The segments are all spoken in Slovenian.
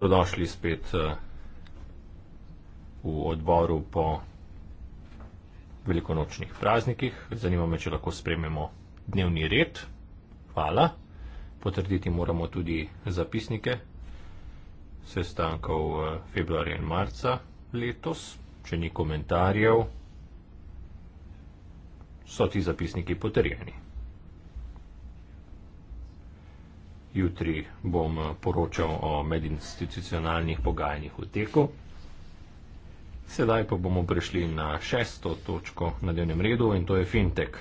Dodošli spet eh, v odboru po velikonočnih praznikih. Zanima me, če lahko spremljamo dnevni red. Hvala. Potrditi moramo tudi zapisnike sestankov eh, februarja in marca letos. Če ni komentarjev, so ti zapisniki potrjeni. jutri bom eh, poročal o medinstitucionalnih pogajanjih v teku. Sedaj pa bomo prešli na šesto točko na dnevnem redu in to je fintech.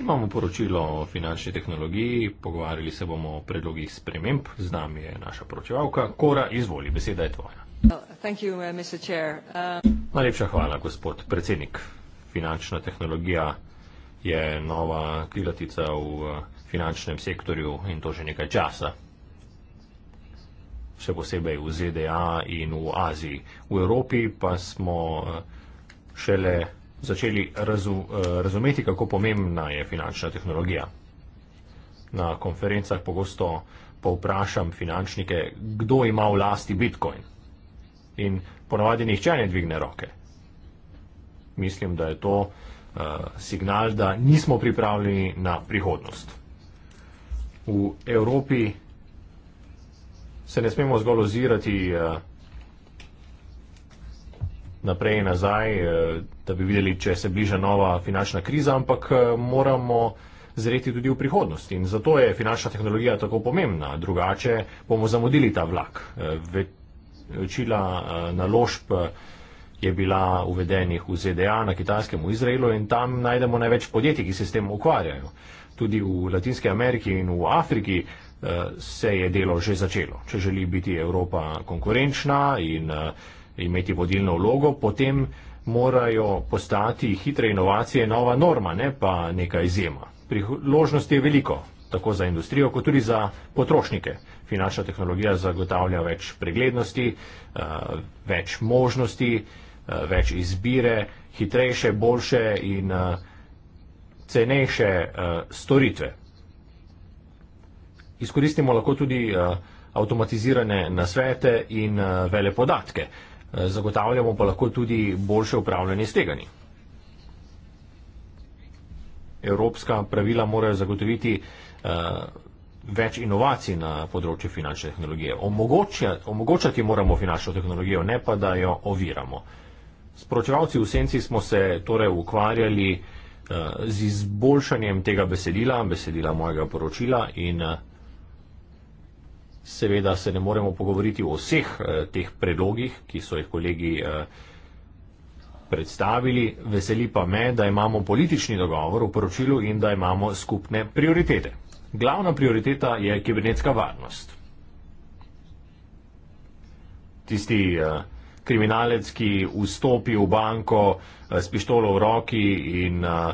Imamo poročilo o finančni tehnologiji, pogovarjali se bomo o predlogih sprememb, z nami je naša poročevalka. Kora, izvoli, beseda je tvoja. Uh, um, Najlepša hvala, gospod predsednik. Finančna tehnologija je nova kilatica v uh, finančnem sektorju in to že nekaj časa. Še posebej v ZDA in v Aziji. V Evropi pa smo uh, šele začeli razu, razumeti, kako pomembna je finančna tehnologija. Na konferencah pogosto povprašam finančnike, kdo ima v lasti bitcoin in ponavadi nihče ne dvigne roke. Mislim, da je to uh, signal, da nismo pripravljeni na prihodnost. V Evropi se ne smemo zgolj ozirati uh, naprej in nazaj, uh, da bi videli, če se bliža nova finančna kriza, ampak moramo zreti tudi v prihodnost. In zato je finančna tehnologija tako pomembna. Drugače bomo zamudili ta vlak. Uh, Čila eh, naložb eh, je bila uvedenih v ZDA, na kitajskem, v Izraelu in tam najdemo največ podjetij, ki se s tem ukvarjajo. Tudi v Latinske Ameriki in v Afriki eh, se je delo že začelo. Če želi biti Evropa konkurenčna in imeti vodilno vlogo, potem morajo postati hitre inovacije nova norma, ne pa neka izjema. Priložnosti je veliko, tako za industrijo, kot tudi za potrošnike ki naša tehnologija zagotavlja več preglednosti, eh, več možnosti, eh, več izbire, hitrejše, boljše in eh, cenejše storitve. Izkoristimo lahko tudi avtomatizirane nasvete in vele podatke. Zagotavljamo pa lahko tudi boljše upravljanje steganji. Evropska pravila morajo zagotoviti več inovacij na področju finančne tehnologije. Omogočati, omogočati moramo finančno tehnologijo, ne pa da jo oviramo. Sporočevalci v senci smo se torej ukvarjali uh, z izboljšanjem tega besedila, besedila mojega poročila in uh, seveda se ne moremo pogovoriti o vseh uh, teh predlogih, ki so jih kolegi uh, predstavili. Veseli pa me, da imamo politični dogovor v poročilu in da imamo skupne prioritete. Glavna prioriteta je kibernetska varnost. Tisti uh, kriminalec, ki vstopi v banko uh, s pištolo v roki in uh,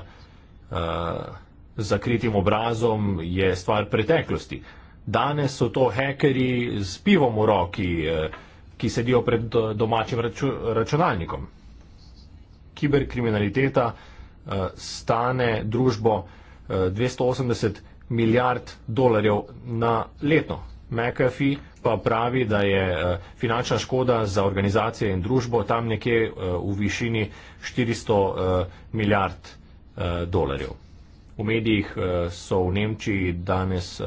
uh, zakritim obrazom, je stvar preteklosti. Danes so to hekeri s pivom v roki, uh, ki sedijo pred domačim raču računalnikom. Kiberkriminaliteta uh, stane družbo uh, 280 milijard dolarjev na leto. McAfee pa pravi, da je eh, finančna škoda za organizacije in družbo tam nekje eh, v višini 400 eh, milijard dolarjev. V medijih so v Nemčiji danes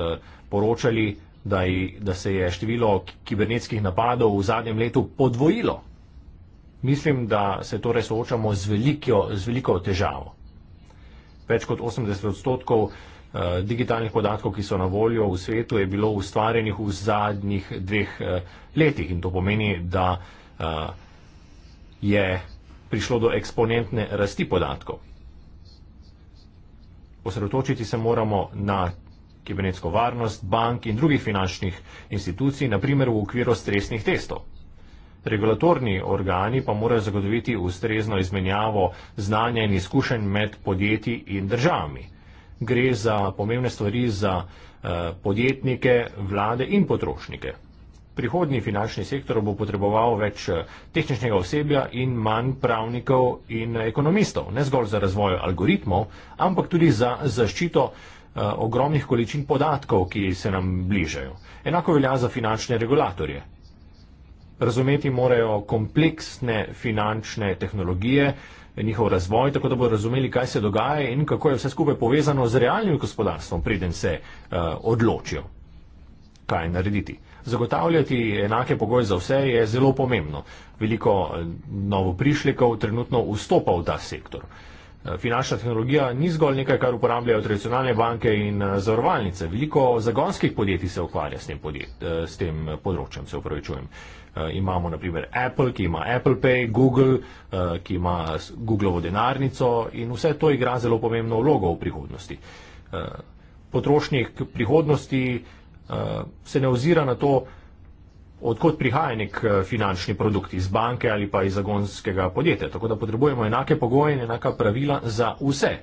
poročali, da, je, da se je število kibernetskih napadov v zadnjem letu podvojilo. Mislim, da se torej soočamo z, velikjo, z veliko težavo. Več kot 80 odstotkov Eh, digitalnih podatkov, ki so na voljo v svetu, je bilo ustvarjenih v zadnjih dveh eh, letih. In to pomeni, da eh, je prišlo do eksponentne rasti podatkov. Osredotočiti se moramo na kibernetsko varnost bank in drugih finančnih institucij, naprimer v okviru stresnih testov. Regulatorni organi pa morajo zagotoviti ustrezno izmenjavo znanja in izkušenj med podjetji in državami gre za pomembne stvari za eh, podjetnike, vlade in potrošnike. Prihodni finančni sektor bo potreboval več eh, tehničnega osebja in manj pravnikov in ekonomistov, ne zgolj za razvoj algoritmov, ampak tudi za zaščito eh, ogromnih količin podatkov, ki se nam bližajo. Enako velja za finančne regulatorje. Razumeti morajo kompleksne finančne tehnologije, njihov razvoj, tako da bodo razumeli, kaj se dogaja in kako je vse skupaj povezano z realnim gospodarstvom, preden se uh, odločijo, kaj narediti. Zagotavljati enake pogoje za vse je zelo pomembno. Veliko eh, novoprišlikov trenutno vstopa v ta sektor. Uh, Finančna tehnologija ni zgolj nekaj, kar uporabljajo tradicionalne banke in eh, zavarovalnice. Veliko zagonskih podjetij se ukvarja s tem, podjet, eh, s tem področjem, se upravičujem. Eh, imamo naprimer Apple, ki ima Apple Pay, Google, ki ima Googleovo denarnico in vse to igra zelo pomembno vlogo v prihodnosti. Potrošnik prihodnosti se ne ozira na to, odkot prihaja nek eh, finančni produkt iz banke ali pa iz zagonskega podjetja. Tako da potrebujemo enake pogoje in enaka pravila za vse.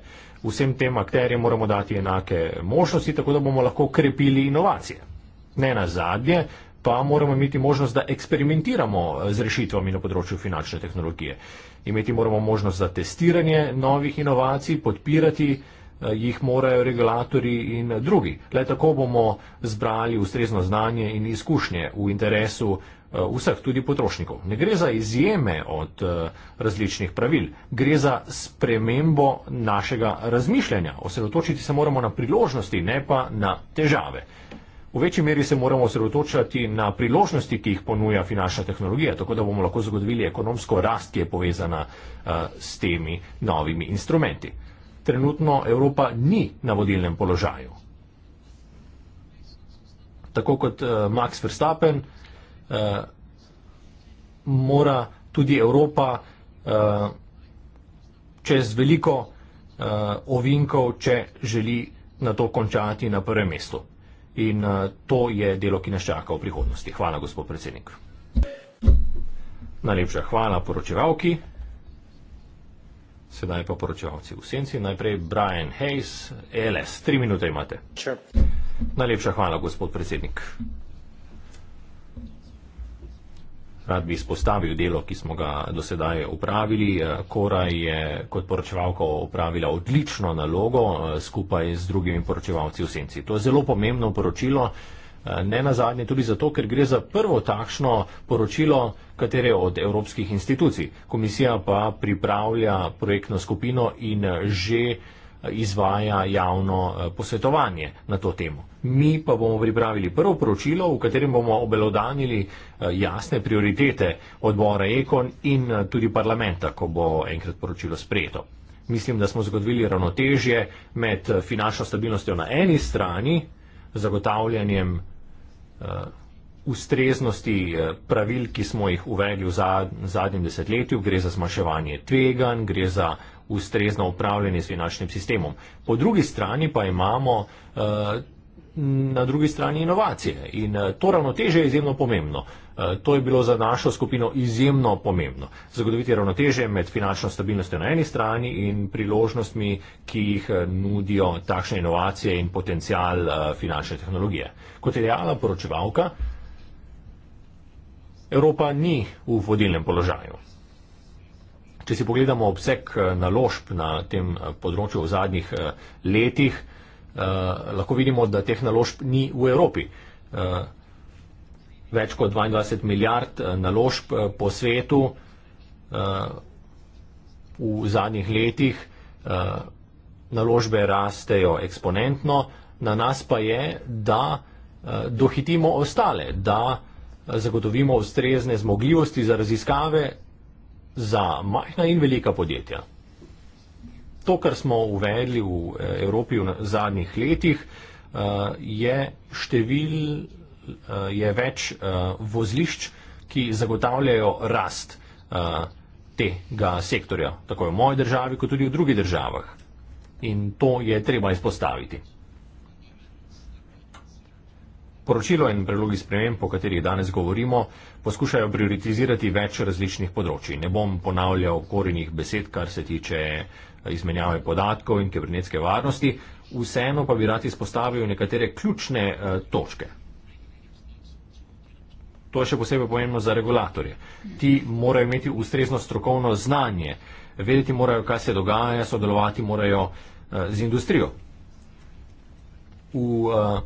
Vsem tem akterjem moramo dati enake možnosti, tako da bomo lahko krepili inovacije. Ne na zadnje, pa moramo imeti možnost, da eksperimentiramo eh, z rešitvami na področju finančne tehnologije. Imeti moramo možnost za testiranje novih inovacij, podpirati Eh, jih morajo regulatori in drugi. Le tako bomo zbrali ustrezno znanje in izkušnje v interesu eh, vseh, tudi potrošnikov. Ne gre za izjeme od eh, različnih pravil, gre za spremembo našega razmišljanja. Osredotočiti se moramo na priložnosti, ne pa na težave. V večji meri se moramo osredotočati na priložnosti, ki jih ponuja finančna tehnologija, tako da bomo lahko zagotovili ekonomsko rast, ki je povezana uh, s temi novimi instrumenti trenutno Evropa ni na vodilnem položaju. Tako kot uh, Max Verstappen, uh, mora tudi Evropa uh, čez veliko uh, ovinkov, če želi na to končati na prvem mestu. In uh, to je delo, ki nas čaka v prihodnosti. Hvala, gospod predsednik. Najlepša hvala poročevalki. Sedaj pa poročevalci v senci. Najprej Brian Hayes, LS. Tri minute imate. Sure. Najlepša hvala, gospod predsednik. Rad bi izpostavil delo, ki smo ga dosedaj upravili. Kora je kot poročevalka upravila odlično nalogo eh, skupaj z drugimi poročevalci v senci. To je zelo pomembno poročilo. Eh, ne na zadnje tudi zato, ker gre za prvo takšno poročilo katere od evropskih institucij. Komisija pa pripravlja projektno skupino in eh, že eh, izvaja javno posvetovanje na to temo. Mi pa bomo pripravili prvo poročilo, v katerem bomo obelodanili jasne prioritete odbora Ekon in tudi parlamenta, ko bo enkrat poročilo sprejeto. Mislim, da smo zagotovili ravnotežje med finančno stabilnostjo na eni strani, zagotavljanjem ustreznosti eh, pravil, ki smo jih uvedli v zadnjem desetletju, gre za zmanjševanje tveganj, gre za ustrezno upravljanje s finančnim sistemom. Po drugi strani pa imamo eh, na drugi strani inovacije in eh, to ravnoteže je izjemno pomembno. Eh, to je bilo za našo skupino izjemno pomembno. Zagotoviti ravnoteže med finančno stabilnostjo na eni strani in priložnostmi, ki jih eh, nudijo takšne inovacije in potencial eh, finančne tehnologije. Kot je dejala poročevalka, Evropa ni v vodilnem položaju. Če si pogledamo obseg naložb na tem področju v zadnjih letih, lahko vidimo, da teh naložb ni v Evropi več kot 22 milijard eh, naložb eh, po svetu eh, v zadnjih letih. Naložbe rastejo eksponentno, na nas pa je, da dohitimo ostale, da zagotovimo ustrezne zmogljivosti za raziskave za majhna in velika podjetja. To, kar smo uvedli v Evropi v zadnjih letih, je številne Eh, je več eh, vozlišč, ki zagotavljajo rast eh, tega sektorja, tako v moji državi, kot tudi v drugih državah. In to je treba izpostaviti. Poročilo in predlogi sprememb, po katerih danes govorimo, poskušajo prioritizirati več različnih področji. Ne bom ponavljal korenih besed, kar se tiče izmenjave podatkov in kibernetske varnosti, vseeno pa bi rad izpostavil nekatere ključne točke. To je še posebej pomembno za regulatorje. Ti morajo imeti ustrezno strokovno znanje, vedeti morajo, kaj se dogaja, sodelovati morajo eh, z industrijo. V eh,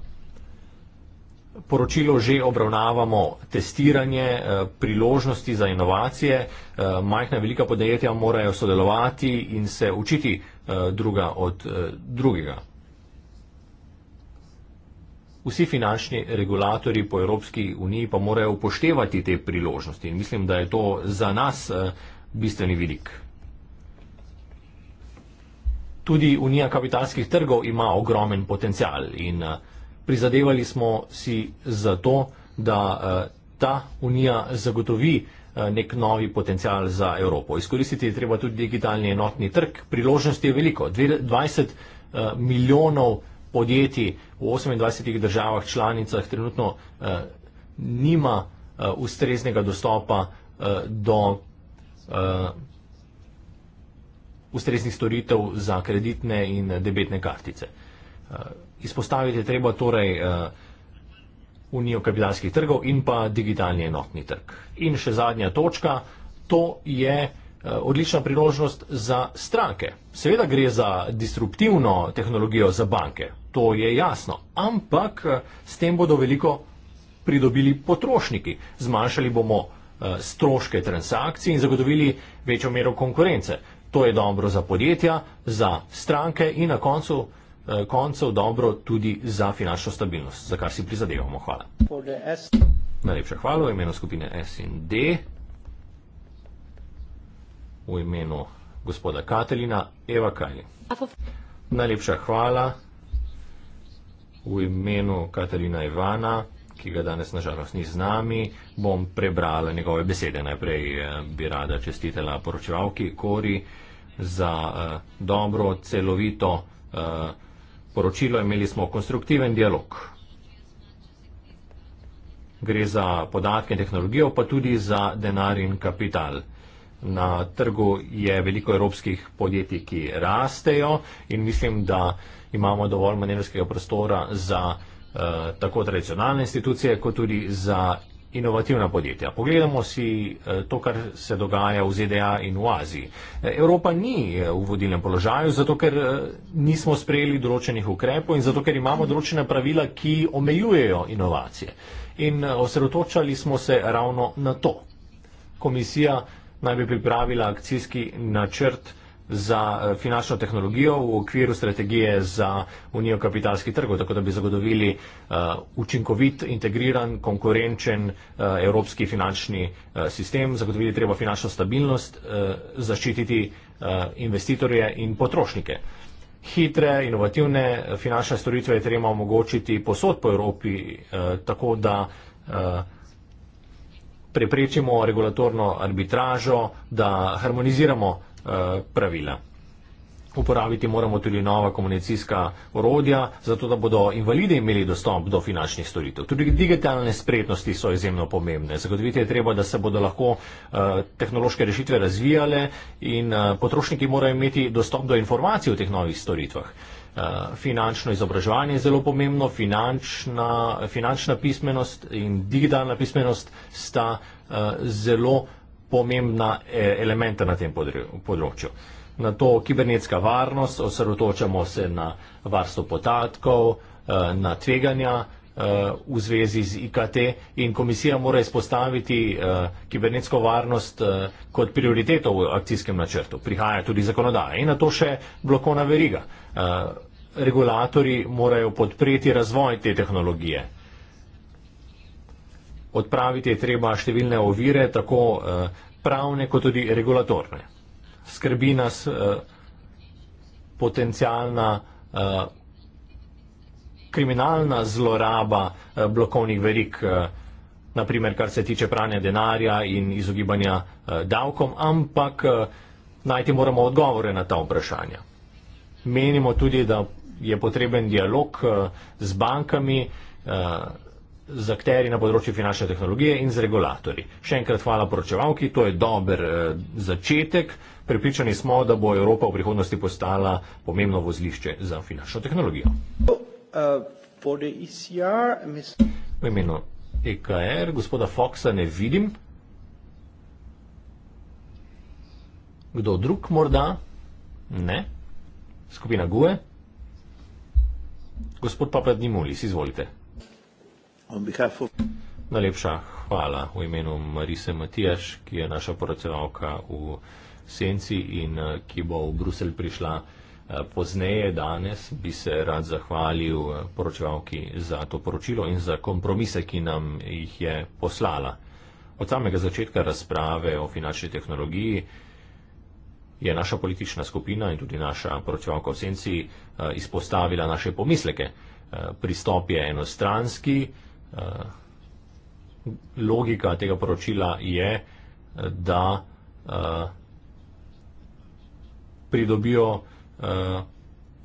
poročilu že obravnavamo testiranje, eh, priložnosti za inovacije, majhna in velika podjetja morajo sodelovati in se učiti druga od drugega. Vsi finančni regulatori po Evropski uniji pa morajo upoštevati te priložnosti in mislim, da je to za nas eh, bistveni vidik. Tudi Unija kapitalskih trgov ima ogromen potencial in eh, prizadevali smo si za to, da eh, ta Unija zagotovi nek novi potencial za Evropo. Izkoristiti je treba tudi digitalni enotni trg. Priložnosti je veliko. 20 milijonov evrov podjetij v 28 državah članicah trenutno eh, nima eh, ustreznega dostopa eh, do eh, ustreznih storitev za kreditne in debetne kartice. Eh, izpostaviti je treba torej eh, Unijo kapitalskih trgov in pa digitalni enotni trg. In še zadnja točka, to je. Eh, odlična priložnost za stranke. Seveda gre za disruptivno tehnologijo za banke, to je jasno, ampak eh, s tem bodo veliko pridobili potrošniki. Zmanjšali bomo eh, stroške transakcij in zagotovili večjo mero konkurence. To je dobro za podjetja, za stranke in na koncu koncev dobro tudi za finančno stabilnost, za kar si prizadevamo. Hvala. Najlepša hvala v imenu skupine S in D v imenu gospoda Katalina Eva Kaj. Najlepša hvala v imenu Katalina Ivana, ki ga danes nažalost ni z nami, bom prebrala njegove besede. Najprej eh, bi rada čestitela poročevalki Kori za uh, dobro, celovito uh, poročilo. Imeli smo konstruktiven dialog. Gre za podatke in tehnologijo, pa tudi za denar in kapital na trgu je veliko evropskih podjetij, ki rastejo in mislim, da imamo dovolj manevrskega prostora za eh, tako tradicionalne institucije, kot tudi za inovativna podjetja. Pogledamo si eh, to, kar se dogaja v ZDA in v Aziji. Eh, Evropa ni eh, v vodilnem položaju, zato ker nismo sprejeli določenih ukrepov in zato ker imamo določene pravila, ki omejujejo inovacije. In osredotočali smo se ravno na to. Komisija naj bi pripravila akcijski načrt za eh, finančno tehnologijo v okviru strategije za unijo kapitalskih trgov, tako da bi zagotovili uh, učinkovit, integriran, konkurenčen uh, evropski finančni uh, sistem, zagotovili treba finančno stabilnost, uh, zaščititi uh, investitorje in potrošnike. Hitre, inovativne finančne storitve je treba omogočiti posod po Evropi, uh, tako da uh, preprečimo regulatorno arbitražo, da harmoniziramo eh, pravila. Uporabiti moramo tudi nova komunicijska orodja, zato da bodo invalidi imeli dostop do finančnih storitev. Tudi digitalne spretnosti so izjemno pomembne. Zagotoviti je treba, da se bodo lahko eh, tehnološke rešitve razvijale in eh, potrošniki morajo imeti dostop do informacij o teh novih storitvah. Eh, finančno izobraževanje je zelo pomembno, finančna, finančna pismenost in digitalna pismenost sta eh, zelo pomembna eh, elementa na tem področju. Na to kibernetska varnost osredotočamo se na varstvo podatkov, na tveganja v zvezi z IKT in komisija mora izpostaviti kibernetsko varnost kot prioriteto v akcijskem načrtu. Prihaja tudi zakonodaja in na to še blokona veriga regulatori morajo podpreti razvoj te tehnologije. Odpraviti je treba številne ovire, tako eh, pravne kot tudi regulatorne. Skrbi nas eh, potencijalna eh, kriminalna zloraba blokovnih verik, naprimer kar se tiče pranja denarja in izogibanja davkom, ampak najti moramo odgovore na ta vprašanja. Menimo tudi, da je potreben dialog eh, z bankami, eh, z akteri na področju finančne tehnologije in z regulatorji. Še enkrat hvala poročevalki, to je dober eh, začetek. Pripričani smo, da bo Evropa v prihodnosti postala pomembno vozlišče za finančno tehnologijo. E v imenu EKR, gospoda Foxa ne vidim. Kdo drug morda? Ne. Skupina GUE. Gospod Papad Nimulis, izvolite. Najlepša hvala v imenu Marise Matijaš, ki je naša poročevalka v Senci in eh, ki bo v Bruselj prišla eh, pozneje danes, bi se rad zahvalil eh, poročevalki za to poročilo in za kompromise, ki nam jih je poslala. Od samega začetka razprave o finančni tehnologiji je naša politična skupina in tudi naša protivanka v senci eh, izpostavila naše pomisleke. Eh, pristop je enostranski, eh, logika tega poročila je, da pridobijo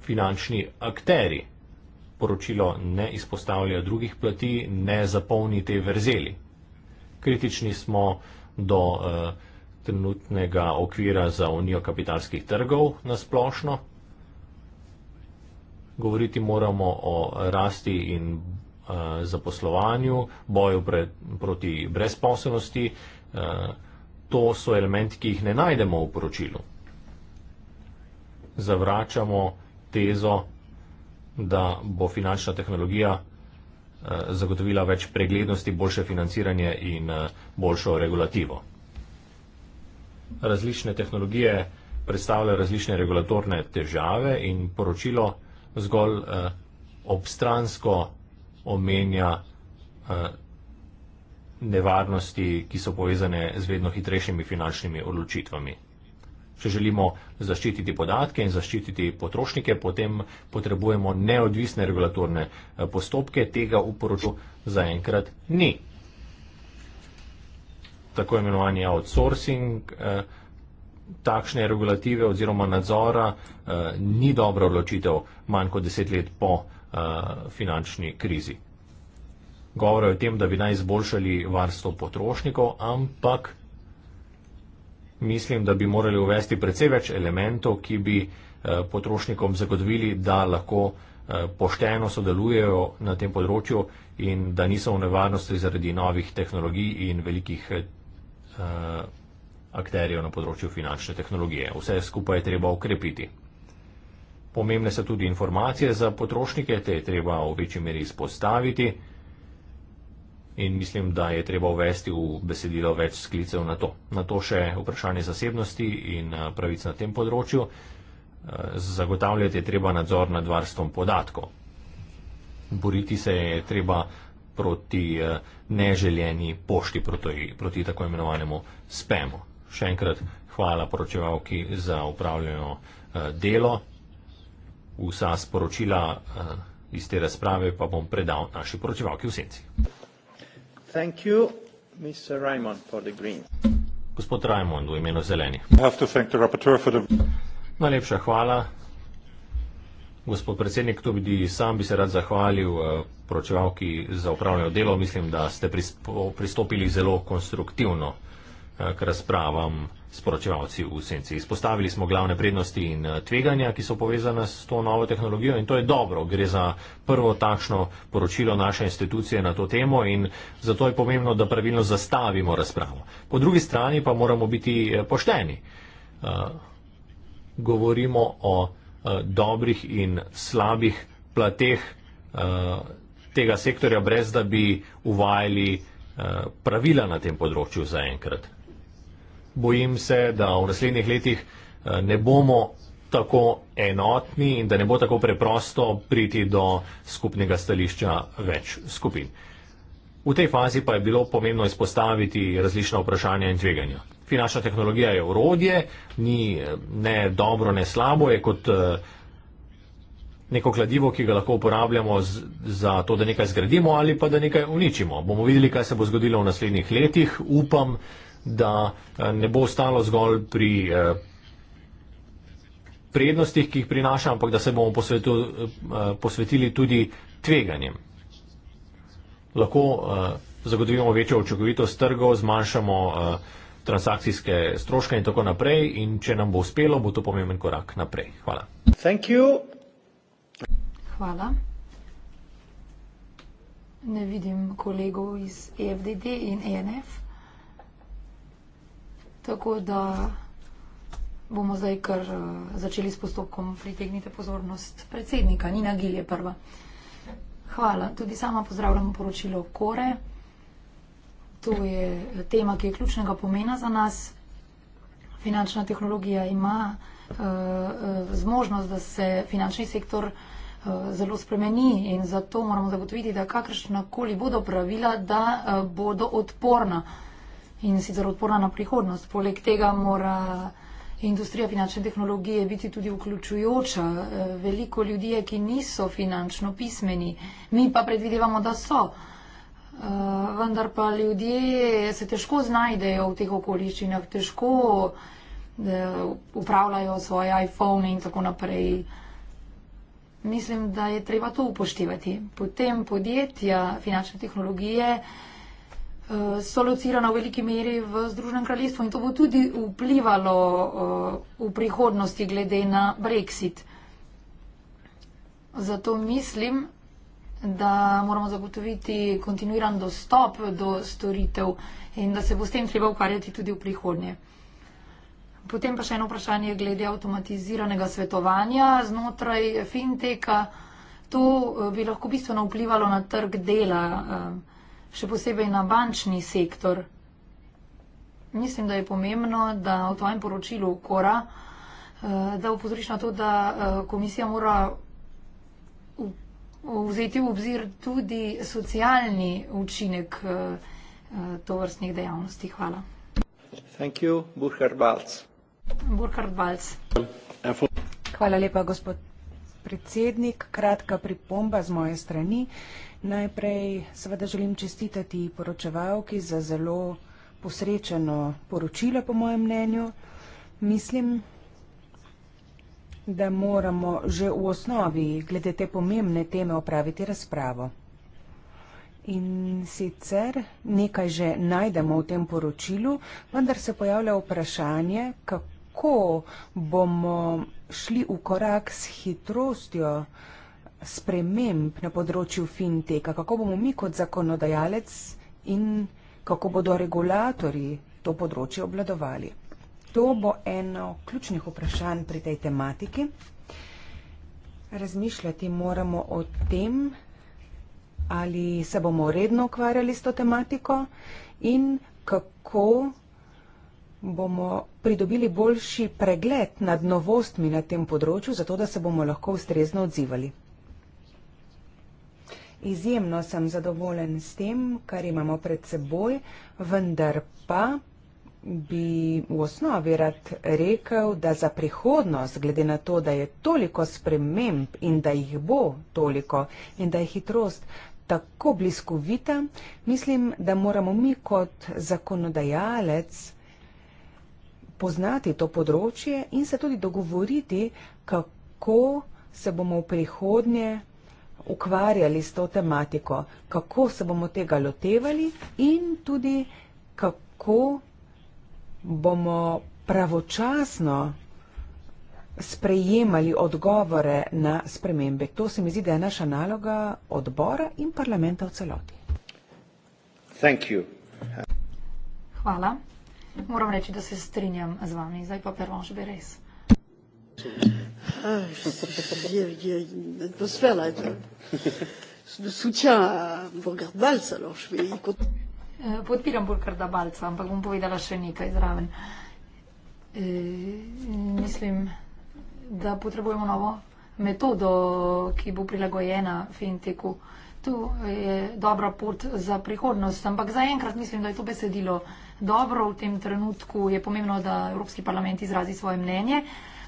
finančni akteri. Poročilo ne izpostavlja drugih plati, ne zapolni te vrzeli. Kritični smo do uh, trenutnega okvira za unijo kapitalskih trgov na splošno. Govoriti moramo o rasti in eh, zaposlovanju, boju pre, proti brezposobnosti. Eh, to so elementi, ki jih ne najdemo v poročilu. Zavračamo tezo, da bo finančna tehnologija eh, zagotovila več preglednosti, boljše financiranje in boljšo regulativo različne tehnologije predstavljajo različne regulatorne težave in poročilo zgolj eh, obstransko omenja eh, nevarnosti, ki so povezane z vedno hitrejšimi finančnimi odločitvami. Če želimo zaščititi podatke in zaščititi potrošnike, potem potrebujemo neodvisne regulatorne eh, postopke, tega v poročilu zaenkrat ni tako imenovani outsourcing. Eh, takšne regulative oziroma nadzora eh, ni dobro odločitev manj kot deset let po eh, finančni krizi. Govore o tem, da bi naj izboljšali varstvo potrošnikov, ampak mislim, da bi morali uvesti precej več elementov, ki bi potrošnikom zagotovili, da lahko pošteno sodelujejo na tem področju in da niso v nevarnosti zaradi novih tehnologij in velikih Eh, akterjev na področju finančne tehnologije. Vse skupaj je treba ukrepiti. Pomembne so tudi informacije za potrošnike, te je treba v večji meri izpostaviti in mislim, da je treba uvesti v besedilo več sklicev na to. Na to še vprašanje zasebnosti in eh, pravic na tem področju. Eh, zagotavljati je treba nadzor nad varstvom podatkov. Boriti se je treba proti eh, neželjeni pošti, proti, proti tako imenovanemu spemu. Še enkrat hvala poročevalki za upravljeno eh, delo. Vsa sporočila eh, iz te razprave pa bom predal naši poročevalki v senci. Thank you, Mr. Raymond, for the green. Gospod Raymond, v imenu zelenih. Najlepša hvala Gospod predsednik, tudi sam bi se rad zahvalil eh, poročevalki za upravljanje delo. Mislim, da ste pristopili zelo konstruktivno eh, k razpravam s poročevalci v senci. Izpostavili smo glavne prednosti in eh, tveganja, ki so povezane s to novo tehnologijo in to je dobro. Gre za prvo takšno poročilo naše institucije na to temo in zato je pomembno, da pravilno zastavimo razpravo. Po drugi strani pa moramo biti pošteni. Govorimo o uh, dobrih in slabih plateh uh, tega sektorja, brez da bi uvajali uh, pravila na tem področju zaenkrat. Bojim se, da v naslednjih letih uh, ne bomo tako enotni in da ne bo tako preprosto priti do skupnega stališča več skupin. V tej fazi pa je bilo pomembno izpostaviti različna vprašanja in tveganja finančna tehnologija je urodje, ni ne dobro, ne slabo, je kot eh, neko kladivo, ki ga lahko uporabljamo z, za to, da nekaj zgradimo ali pa da nekaj uničimo. Bomo videli, kaj se bo zgodilo v naslednjih letih. Upam, da eh, ne bo ostalo zgolj pri eh, prednostih, ki jih prinaša, ampak da se bomo posvetu, posvetili tudi tveganjem. Lahko zagotovimo večjo očekovitost trgov, zmanjšamo uh, transakcijske stroške in tako naprej. In če nam bo uspelo, bo to pomemben korak naprej. Hvala. Hvala. Ne vidim kolegov iz EFDD in ENF. Tako da bomo zdaj kar eh, začeli s postopkom. Pritegnite pozornost predsednika. Nina Gil je prva. Hvala. Tudi sama pozdravljam poročilo Kore to je tema, ki je ključnega pomena za nas. Finančna tehnologija ima uh, zmožnost, da se finančni sektor uh, zelo spremeni in zato moramo zagotoviti, da kakršna koli bodo pravila, da uh, bodo odporna in sicer odporna na prihodnost. Poleg tega mora industrija finančne tehnologije biti tudi vključujoča. Veliko ljudi je, ki niso finančno pismeni, mi pa predvidevamo, da so. Uh, Eh, vendar pa ljudje se težko znajdejo v teh okoliščinah, težko eh, upravljajo svoje iPhone in tako naprej. Mislim, da je treba to upoštevati. Potem podjetja finančne tehnologije eh, so locirana v veliki meri v Združenem kraljestvu in to bo tudi vplivalo v prihodnosti glede na Brexit. Zato mislim, da moramo zagotoviti kontinuiran dostop do storitev in da se bo s tem treba ukvarjati tudi v prihodnje. Potem pa še eno vprašanje glede avtomatiziranega svetovanja znotraj finteka. To eh, bi lahko bistveno vplivalo na trg dela, eh, še posebej na bančni sektor. Mislim, da je pomembno, da v tvojem poročilu Kora, eh, da upozoriš na to, da komisija mora vzeti v obzir tudi socialni učinek eh, eh, tovrstnih dejavnosti. Hvala. Burkhard Balc. Hvala lepa, gospod predsednik. Kratka pripomba z moje strani. Najprej seveda želim čestitati poročevalki za zelo posrečeno poročilo, po mojem mnenju. Mislim, da moramo že v osnovi glede te pomembne teme opraviti razpravo. In sicer nekaj že najdemo v tem poročilu, vendar se pojavlja vprašanje, kako bomo šli v korak s hitrostjo sprememb na področju finteka, kako bomo mi kot zakonodajalec in kako bodo regulatori to področje obladovali. To bo eno ključnih vprašanj pri tej tematiki. Razmišljati moramo o tem, ali se bomo redno ukvarjali s to tematiko in kako bomo pridobili boljši pregled nad novostmi na tem področju, zato da se bomo lahko ustrezno odzivali. Izjemno sem zadovoljen s tem, kar imamo pred seboj, vendar pa bi v osnovi rad rekel, da za prihodnost, glede na to, da je toliko sprememb in da jih bo toliko in da je hitrost tako bliskovita, mislim, da moramo mi kot zakonodajalec poznati to področje in se tudi dogovoriti, kako se bomo v prihodnje ukvarjali s to tematiko, kako se bomo tega lotevali in tudi kako bomo pravočasno sprejemali odgovore na spremembe. To se mi zdi, da je naša naloga odbora in parlamenta v celoti. Thank you. Hvala. Moram reči, da se strinjam z vami. Zdaj pa prvo že bi res. Atmosfera je to. Soutien à Bogart Vals, alors je vais y continuer. Eh, podpiram Burkarda Balca, ampak bom povedala še nekaj zraven. Eh, mislim, da potrebujemo novo metodo, ki bo prilagojena fintechu. Tu je dobra pot za prihodnost, ampak zaenkrat mislim, da je to besedilo dobro. V tem trenutku je pomembno, da Evropski parlament izrazi svoje mnenje.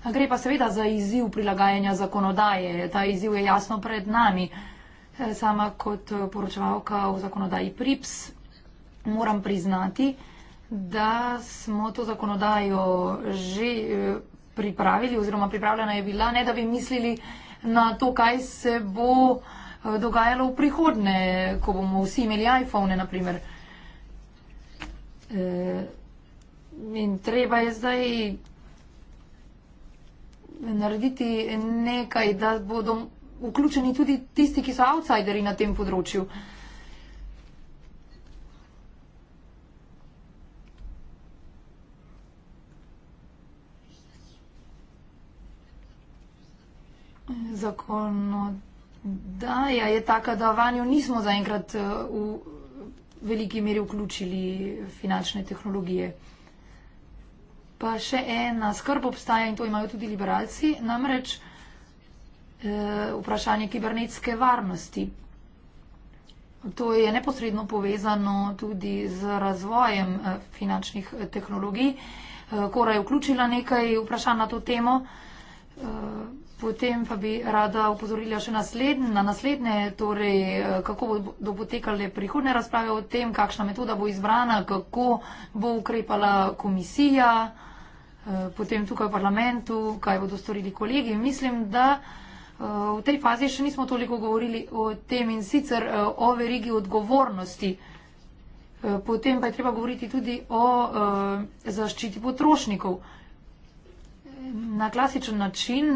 Gre pa seveda za izziv prilagajanja zakonodaje. Ta izziv je jasno pred nami. Eh, sama kot poročevalka v zakonodaji PRIPS moram priznati, da smo to zakonodajo že eh, pripravili oziroma pripravljena je bila, ne da bi mislili na to, kaj se bo eh, dogajalo v prihodne, ko bomo vsi imeli iPhone, naprimer. Eh, in treba je zdaj narediti nekaj, da bodo vključeni tudi tisti, ki so outsideri na tem področju. zakonodaja je taka, da vanjo nismo zaenkrat eh, v veliki meri vključili finančne tehnologije. Pa še ena skrb obstaja in to imajo tudi liberalci, namreč eh, vprašanje kibernetske varnosti. To je neposredno povezano tudi z razvojem eh, finančnih tehnologij. Kora je vključila nekaj vprašanj na to temo. Potem pa bi rada upozorila še nasledn, na naslednje, torej, eh, kako bodo potekale prihodne razprave o tem, kakšna metoda bo izbrana, kako bo ukrepala komisija, eh, potem tukaj v parlamentu, kaj bodo storili kolegi. Mislim, da eh, v tej fazi še nismo toliko govorili o tem in sicer o verigi odgovornosti. Potem pa je treba govoriti tudi o zaščiti potrošnikov. Na klasičen način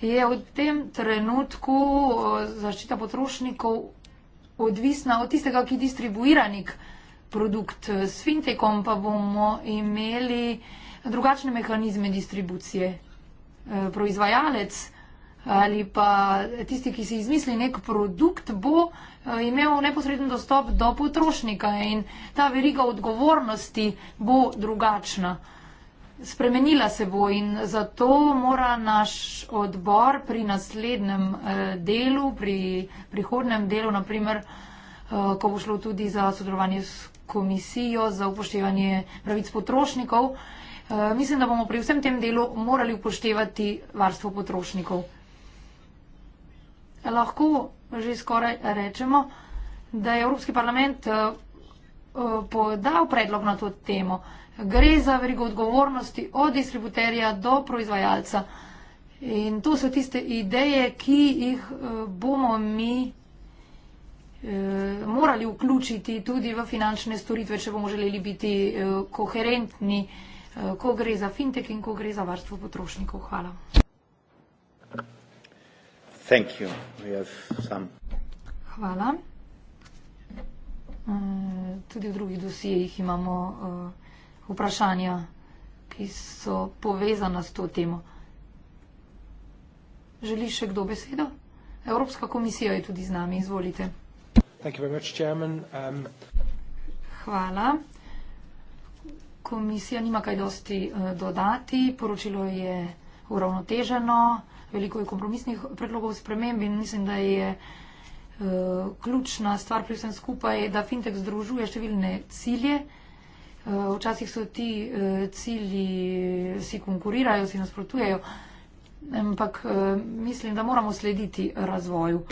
je v tem trenutku eh, zaščita potrošnikov odvisna od tistega, ki distribuira nek produkt. S fintekom pa bomo imeli drugačne mehanizme distribucije. Eh, proizvajalec ali pa tisti, ki si izmisli nek produkt, bo eh, imel neposreden dostop do potrošnika in ta veriga odgovornosti bo drugačna. Spremenila se bo in zato mora naš odbor pri naslednjem eh, delu, pri prihodnem delu, naprimer, eh, ko bo šlo tudi za sodelovanje s komisijo za upoštevanje pravic potrošnikov, eh, mislim, da bomo pri vsem tem delu morali upoštevati varstvo potrošnikov. Lahko že skoraj rečemo, da je Evropski parlament podal predlog na to temo gre za verigo odgovornosti od distributerja do proizvajalca. In to so tiste ideje, ki jih eh, bomo mi eh, morali vključiti tudi v finančne storitve, če bomo želeli biti eh, koherentni, ko gre za fintek in ko gre za varstvo potrošnikov. Hvala. Thank you. Hvala. Mm, tudi v drugih dosijejih imamo vprašanja, ki so povezana s to temo. Želi še kdo besedo? Evropska komisija je tudi z nami. Izvolite. Much, um... Hvala. Komisija nima kaj dosti eh, dodati. Poročilo je uravnoteženo. Veliko je kompromisnih predlogov sprememb in mislim, da je uh, ključna stvar pri vsem skupaj, da Fintech združuje številne cilje. Eh, včasih so ti eh, cilji, si konkurirajo, si nasprotujejo, ampak eh, mislim, da moramo slediti razvoju.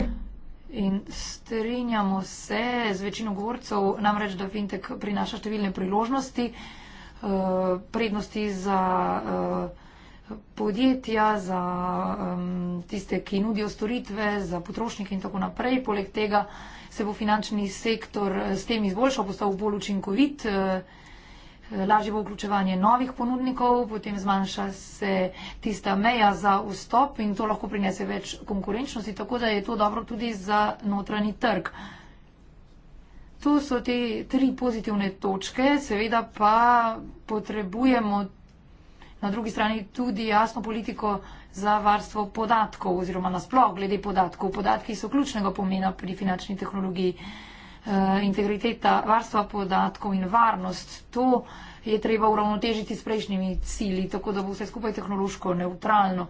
In strinjamo se z večino govorcev, namreč, da Fintech prinaša številne priložnosti, prednosti za podjetja, za tiste, ki nudijo storitve, za potrošnike in tako naprej. Poleg tega se bo finančni sektor s tem izboljšal, postal bolj učinkovit lažje bo vključevanje novih ponudnikov, potem zmanjša se tista meja za vstop in to lahko prinese več konkurenčnosti, tako da je to dobro tudi za notranji trg. To so te tri pozitivne točke, seveda pa potrebujemo na drugi strani tudi jasno politiko za varstvo podatkov oziroma nasploh glede podatkov. Podatki so ključnega pomena pri finančni tehnologiji. Eh, integriteta, varstva podatkov in varnost. To je treba uravnotežiti s prejšnjimi cili, tako da bo vse skupaj tehnološko neutralno.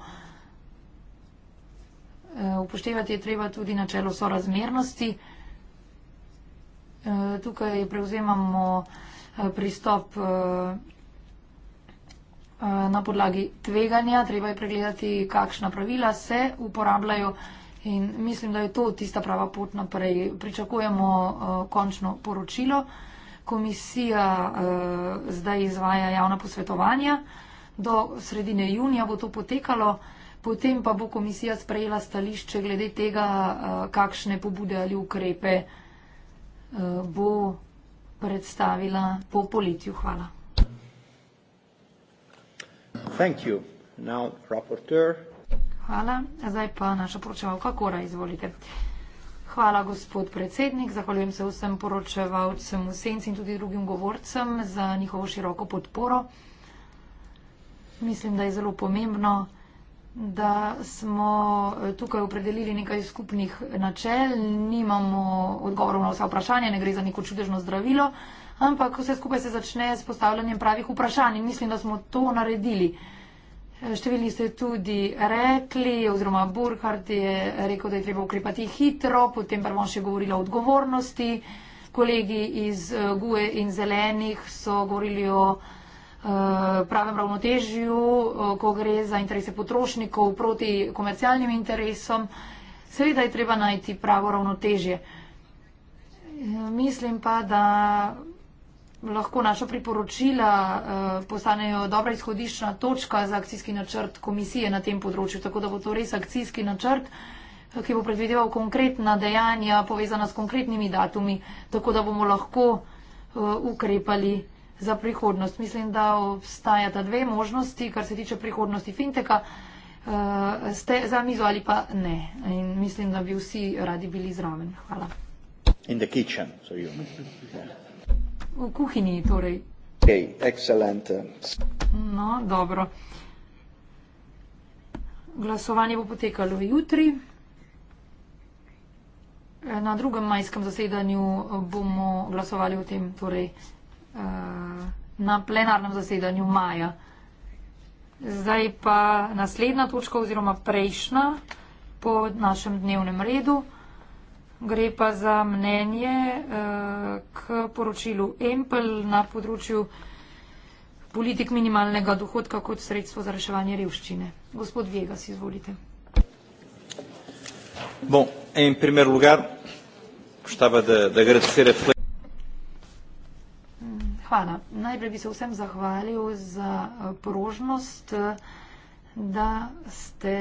Eh, upoštevati je treba tudi načelo sorazmernosti. Eh, tukaj prevzemamo pristop na podlagi tveganja. Treba je pregledati, kakšna pravila se uporabljajo In mislim, da je to tista prava pot naprej. Pričakujemo uh, končno poročilo. Komisija uh, zdaj izvaja javna posvetovanja. Do sredine junija bo to potekalo, potem pa bo komisija sprejela stališče glede tega, uh, kakšne pobude ali ukrepe uh, bo predstavila po poletju. Hvala. Thank you. Now, rapporteur. Hvala. Zdaj pa naša poročevalka Kora, izvolite. Hvala, gospod predsednik. Zahvaljujem se vsem poročevalcem v senci in tudi drugim govorcem za njihovo široko podporo. Mislim, da je zelo pomembno, da smo tukaj opredelili nekaj skupnih načel. Nimamo odgovorov na vsa vprašanja, ne gre za neko čudežno zdravilo, ampak vse skupaj se začne s postavljanjem pravih vprašanj in mislim, da smo to naredili. Številni ste tudi rekli, oziroma Burkhardt je rekel, da je treba ukrepati hitro, potem pa bom še govorila o odgovornosti. Kolegi iz eh, GUE in zelenih so govorili o eh, pravem ravnotežju, eh, ko gre za interese potrošnikov proti komercialnim interesom. Seveda je treba najti pravo ravnotežje. Mislim pa, da lahko naša priporočila eh, postanejo dobra izhodiščna točka za akcijski načrt komisije na tem področju. Tako da bo to res akcijski načrt, eh, ki bo predvideval konkretna dejanja povezana s konkretnimi datumi, tako da bomo lahko eh, ukrepali za prihodnost. Mislim, da obstajata dve možnosti, kar se tiče prihodnosti finteka. Ste za mizo ali pa ne? In mislim, da bi vsi radi bili zraven. Hvala. In the kitchen, so you. Yeah. V kuhinji, torej. Ok, excellent. No, dobro. Glasovanje bo potekalo jutri. Na drugem majskem zasedanju bomo glasovali o tem, torej eh, na plenarnem zasedanju maja. Zdaj pa naslednja točka oziroma prejšnja po našem dnevnem redu gre pa za mnenje eh, k poročilu Empel na področju politik minimalnega dohodka kot sredstvo za reševanje revščine. Gospod Vegas, izvolite. Bom, en primer lugar, štaba, da, da gre se refle... Hvala. Najprej bi se vsem zahvalil za eh, prožnost da ste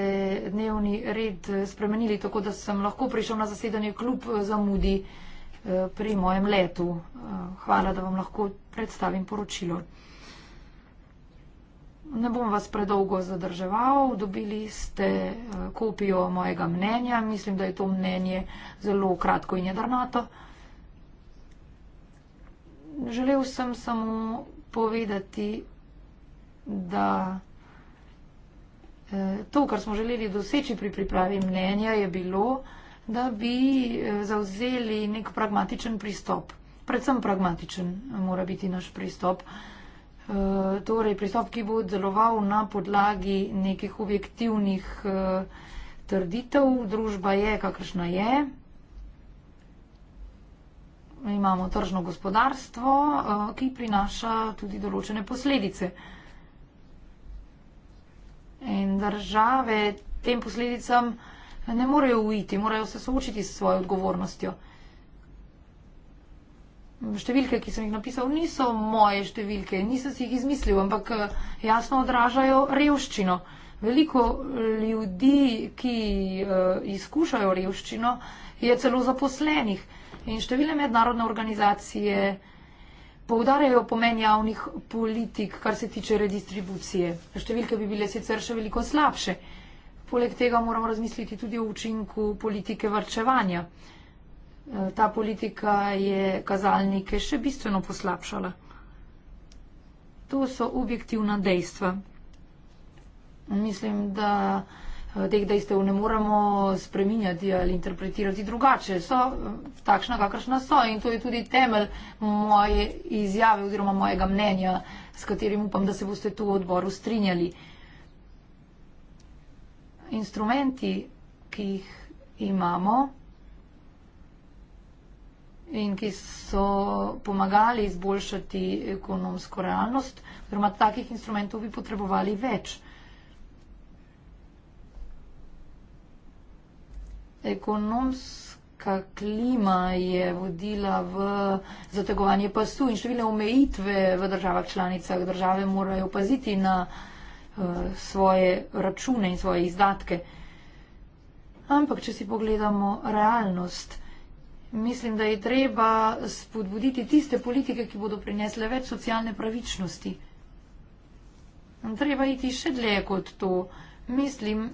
dnevni red spremenili tako, da sem lahko prišel na zasedanje kljub zamudi eh, pri mojem letu. Eh, hvala, da vam lahko predstavim poročilo. Ne bom vas predolgo zadrževal. Dobili ste eh, kopijo mojega mnenja. Mislim, da je to mnenje zelo kratko in jedrnato. Želel sem samo povedati, da. Eh, to, kar smo želeli doseči pri pripravi mnenja, je bilo, da bi eh, zauzeli nek pragmatičen pristop. Predvsem pragmatičen mora biti naš pristop. Eh, torej, pristop, ki bo deloval na podlagi nekih objektivnih trditev. Družba je, kakršna je. Imamo tržno gospodarstvo, ki prinaša tudi določene posledice. In države tem posledicam ne morejo uiti, morajo se soočiti s svojo odgovornostjo. Številke, ki sem jih napisal, niso moje številke, nisem si jih izmislil, ampak eh, jasno odražajo revščino. Veliko eh, ljudi, ki eh, izkušajo revščino, je celo zaposlenih. In številne mednarodne organizacije Poudarjajo pomen javnih politik, kar se tiče redistribucije. Številke bi bile sicer še veliko slabše. Poleg tega moramo razmisliti tudi o učinku politike vrčevanja. E, ta politika je kazalnike še bistveno poslabšala. To so objektivna dejstva. Mislim, da. Eh, teh dejstev ne moremo spreminjati ali interpretirati drugače. So eh, takšna, kakršna so in to je tudi temelj moje izjave oziroma mojega mnenja, s katerim upam, da se boste tu v odboru strinjali. Instrumenti, ki jih imamo in ki so pomagali izboljšati ekonomsko realnost, oziroma takih instrumentov bi potrebovali več. ekonomska klima je vodila v zategovanje pasu in številne omejitve v državah članicah. Države morajo paziti na eh, svoje račune in svoje izdatke. Ampak, če si pogledamo realnost, mislim, da je treba spodbuditi tiste politike, ki bodo prinesle več socialne pravičnosti. Treba iti še dlje kot to. Mislim,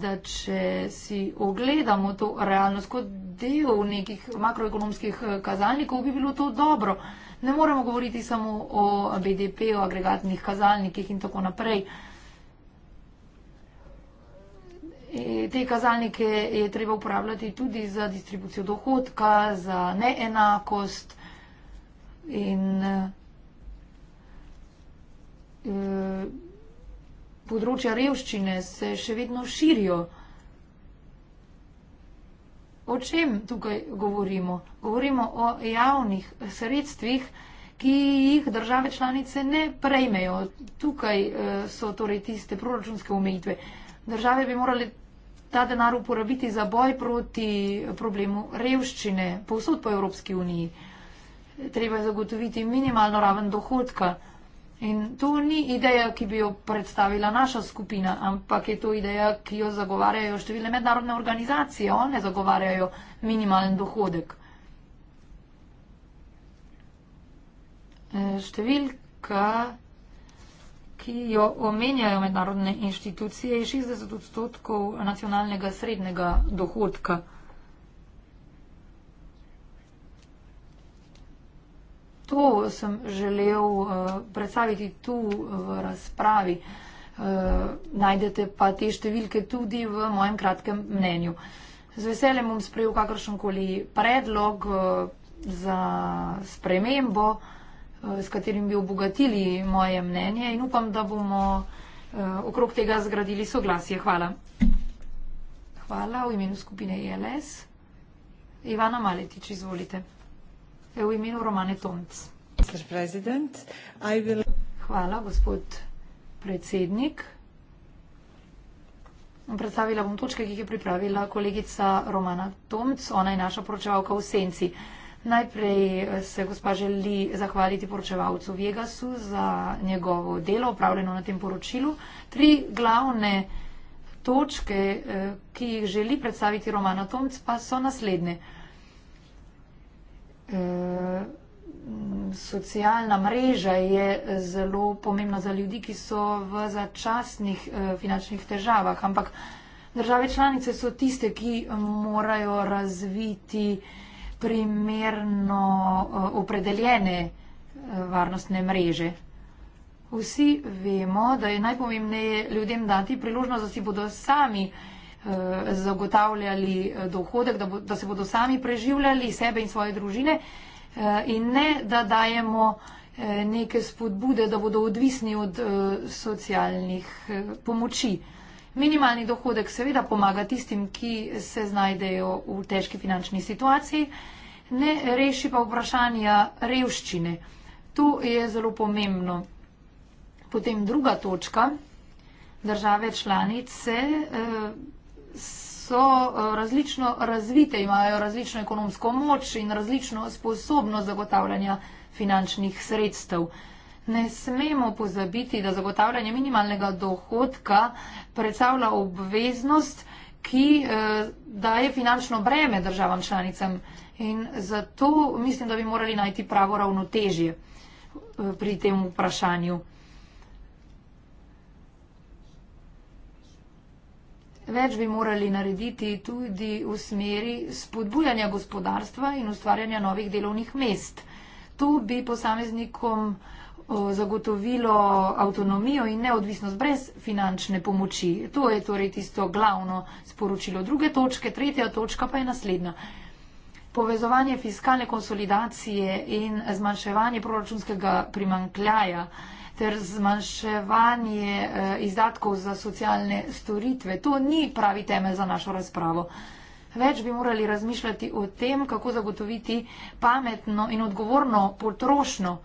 da če si ogledamo to realnost kot del nekih makroekonomskih eh, kazalnikov, bi bilo to dobro. Ne moremo govoriti samo o BDP, o agregatnih kazalnikih in tako naprej. E, te kazalnike je treba uporabljati tudi za distribucijo dohodka, za neenakost in. Uh, področja revščine se še vedno širijo. O čem tukaj govorimo? Govorimo o javnih sredstvih, ki jih države članice ne prejmejo. Tukaj eh, so torej tiste proračunske omejitve. Države bi morali ta denar uporabiti za boj proti problemu revščine povsod po Evropski uniji. Treba je zagotoviti minimalno raven dohodka. In to ni ideja, ki bi jo predstavila naša skupina, ampak je to ideja, ki jo zagovarjajo številne mednarodne organizacije. One zagovarjajo minimalen dohodek. E, številka, ki jo omenjajo mednarodne inštitucije, je 60 odstotkov nacionalnega srednjega dohodka. to sem želel uh, predstaviti tu v razpravi. Uh, najdete pa te številke tudi v mojem kratkem mnenju. Z veseljem bom sprejel kakršen koli predlog uh, za spremembo, uh, s katerim bi obogatili moje mnenje in upam, da bomo uh, okrog tega zgradili soglasje. Hvala. Hvala v imenu skupine ILS. E Ivana Maletič, izvolite. E, v imenu Romane Tomc. Will... Hvala, gospod predsednik. Predstavila bom točke, ki jih je pripravila kolegica Romana Tomc. Ona je naša poročevalka v Senci. Najprej eh, se gospa želi zahvaliti poročevalcu Vegasu za njegovo delo, upravljeno na tem poročilu. Tri glavne točke, eh, ki jih želi predstaviti Romana Tomc, pa so naslednje. Eh, socialna mreža je zelo pomembna za ljudi, ki so v začasnih eh, finančnih težavah, ampak države članice so tiste, ki morajo razviti primerno eh, opredeljene varnostne mreže. Vsi vemo, da je najpomembneje ljudem dati priložnost, da si bodo sami uh, Eh, zagotavljali eh, dohodek, da, bo, da se bodo sami preživljali sebe in svoje družine eh, in ne, da dajemo neke spodbude, da bodo odvisni od socialnih pomoči. Minimalni dohodek seveda pomaga tistim, ki se znajdejo v težki finančni situaciji, ne reši pa vprašanja revščine. To je zelo pomembno. Potem druga točka. Države članice. Eh, so eh, različno razvite, imajo različno ekonomsko moč in različno sposobnost zagotavljanja finančnih sredstev. Ne smemo pozabiti, da zagotavljanje minimalnega dohodka predstavlja obveznost, ki eh, daje finančno breme državam članicam in zato mislim, da bi morali najti pravo ravnotežje eh, pri tem vprašanju. Več bi morali narediti tudi v smeri spodbujanja gospodarstva in ustvarjanja novih delovnih mest. To bi posameznikom zagotovilo avtonomijo in neodvisnost brez finančne pomoči. To je torej tisto glavno sporočilo. Druge točke, tretja točka pa je naslednja povezovanje fiskalne konsolidacije in zmanjševanje proračunskega primankljaja ter zmanjševanje eh, izdatkov za socialne storitve. To ni pravi temelj za našo razpravo. Več bi morali razmišljati o tem, kako zagotoviti pametno in odgovorno potrošno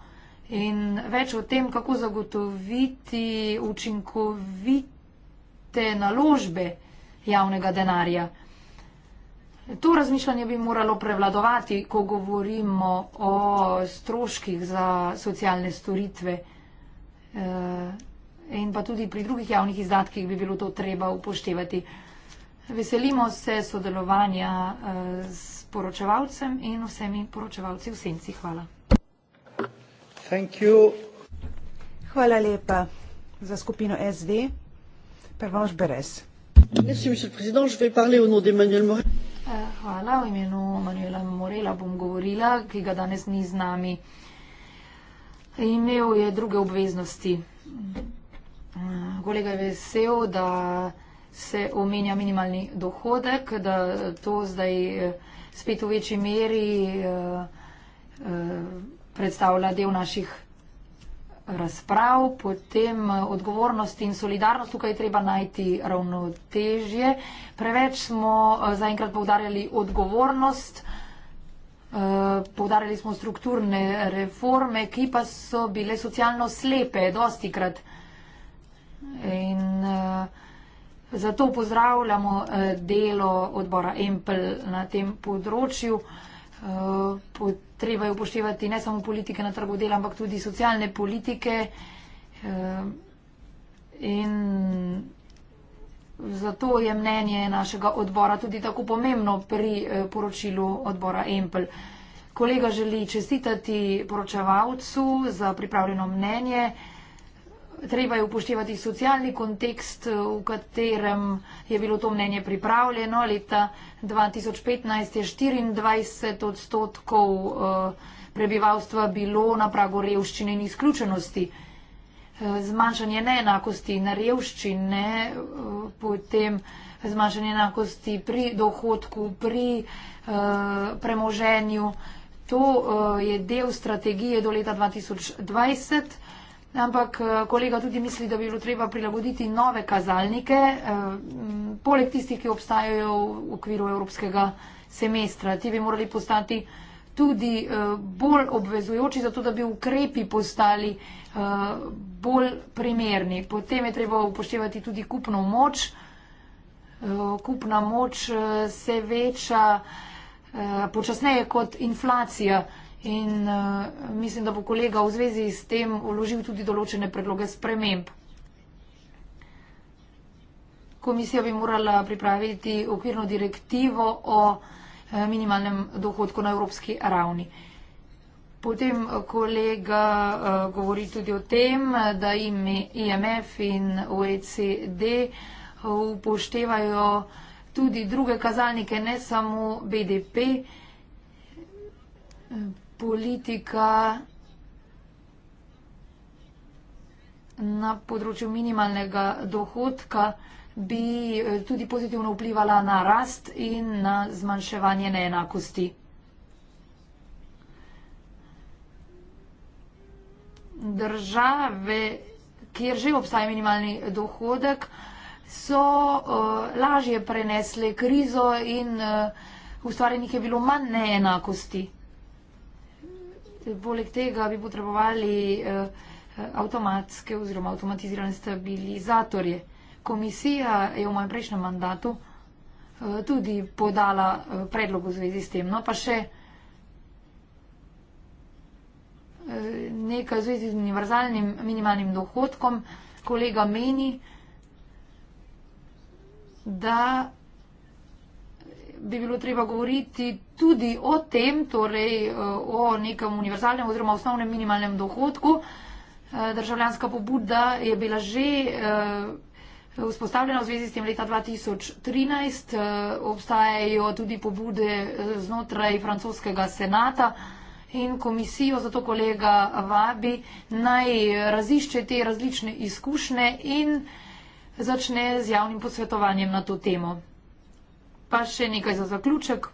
in več o tem, kako zagotoviti učinkovite naložbe javnega denarja. To razmišljanje bi moralo prevladovati, ko govorimo o stroških za socialne storitve. Eh, in pa tudi pri drugih javnih izdatkih bi bilo to treba upoštevati. Veselimo se sodelovanja z eh, poročevalcem in vsemi poročevalci v senci. Hvala. Hvala lepa za skupino SD. Prvo Žberes. Merci, Hvala. V imenu Manuela Morela bom govorila, ki ga danes ni z nami. Imel je druge obveznosti. Golega mm, je vesel, da se omenja minimalni dohodek, da to zdaj eh, spet v večji meri eh, eh, predstavlja del naših razprav, potem eh, odgovornost in solidarnost, tukaj je treba najti ravnotežje. Preveč smo eh, zaenkrat povdarjali odgovornost, eh, povdarjali smo strukturne reforme, ki pa so bile socialno slepe, dostikrat. In zato pozdravljamo delo odbora Empel na tem področju. Eh, treba je upoštevati ne samo politike na trgu dela, ampak tudi socialne politike. Eh, in zato je mnenje našega odbora tudi tako pomembno pri eh, poročilu odbora EMPL. Kolega želi čestitati poročevalcu za pripravljeno mnenje treba je upoštevati socialni kontekst, v katerem je bilo to mnenje pripravljeno. Leta 2015 je 24 odstotkov eh, prebivalstva bilo na pragu revščine in izključenosti. Eh, zmanjšanje neenakosti na revščine, eh, potem zmanjšanje enakosti pri dohodku, pri premoženju. To je del strategije do leta 2020. Ampak eh, kolega tudi misli, da bi bilo treba prilagoditi nove kazalnike, eh, poleg tistih, ki obstajajo v okviru evropskega semestra. Ti bi morali postati tudi eh, bolj obvezujoči, zato da bi ukrepi postali bolj primerni. Potem je treba upoštevati tudi kupno moč. Kupna moč se veča počasneje kot inflacija. In uh, mislim, da bo kolega v zvezi s tem uložil tudi določene predloge sprememb. Komisija bi morala pripraviti okvirno direktivo o eh, minimalnem dohodku na evropski ravni. Potem kolega eh, govori tudi o tem, da im IMF in OECD upoštevajo tudi druge kazalnike, ne samo BDP politika na področju minimalnega dohodka bi eh, tudi pozitivno vplivala na rast in na zmanjševanje neenakosti. Države, kjer že obstaja minimalni dohodek, so uh, lažje prenesle krizo in uh, ustvarjenih je bilo manj neenakosti. Poleg tega bi potrebovali eh, avtomatske oziroma avtomatizirane stabilizatorje. Komisija je v mojem prejšnjem mandatu eh, tudi podala eh, predlog v zvezi s tem. No, pa še nekaj v zvezi z univerzalnim minimalnim dohodkom. Kolega meni, da bi bilo treba govoriti tudi o tem, torej eh, o nekem univerzalnem oziroma osnovnem minimalnem dohodku. Eh, državljanska pobuda je bila že eh, vzpostavljena v zvezi s tem leta 2013. Obstajajo tudi pobude znotraj francoskega senata in komisijo, zato kolega vabi, naj razišče te različne izkušnje in začne z javnim posvetovanjem na to temo. Pa še nekaj za zaključek.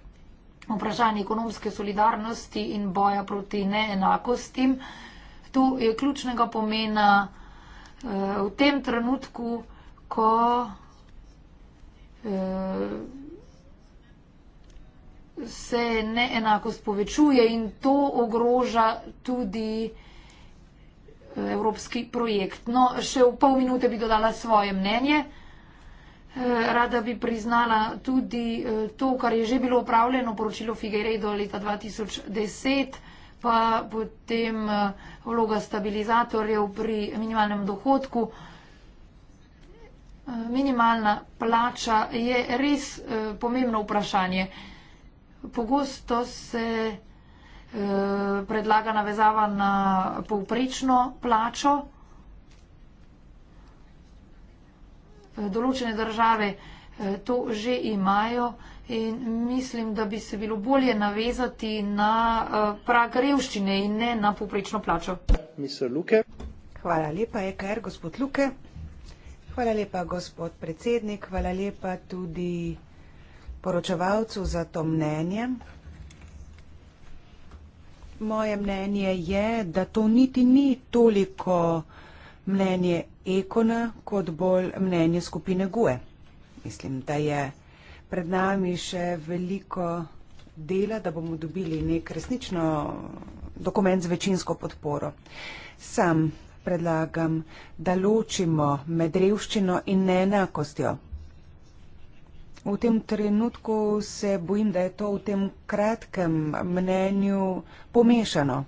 Vprašanje ekonomske solidarnosti in boja proti neenakostim. To je ključnega pomena eh, v tem trenutku, ko eh, se neenakost povečuje in to ogroža tudi eh, evropski projekt. No, še v pol minute bi dodala svoje mnenje. Eh, rada bi priznala tudi eh, to, kar je že bilo upravljeno, poročilo Figueiredo leta 2010, pa potem eh, vloga stabilizatorjev pri minimalnem dohodku. Minimalna plača je res pomembno vprašanje. Pogosto se predlaga navezava na povprečno plačo. Eh, določene države eh, to že imajo in mislim, da bi se bilo bolje navezati na eh, prag revščine in ne na poprečno plačo. Hvala lepa, EKR, gospod Luke. Hvala lepa, gospod predsednik. Hvala lepa tudi poročevalcu za to mnenje. Moje mnenje je, da to niti ni toliko mnenje Ekona kot bolj mnenje skupine GUE. Mislim, da je pred nami še veliko dela, da bomo dobili nek resnično dokument z večinsko podporo. Sam predlagam, da ločimo med revščino in neenakostjo. V tem trenutku se bojim, da je to v tem kratkem mnenju pomešano.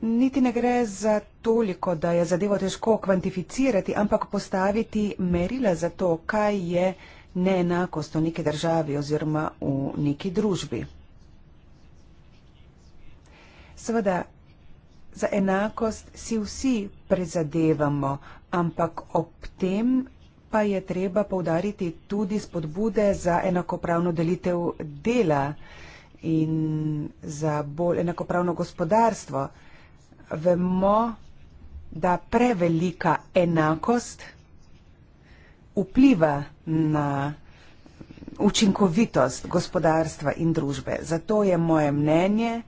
Niti ne gre za toliko, da je zadevo težko kvantificirati, ampak postaviti merila za to, kaj je neenakost v neki državi oziroma v neki družbi. Seveda, za enakost si vsi prizadevamo, ampak ob tem pa je treba povdariti tudi spodbude za enakopravno delitev dela in za bolj enakopravno gospodarstvo vemo, da prevelika enakost vpliva na učinkovitost gospodarstva in družbe. Zato je moje mnenje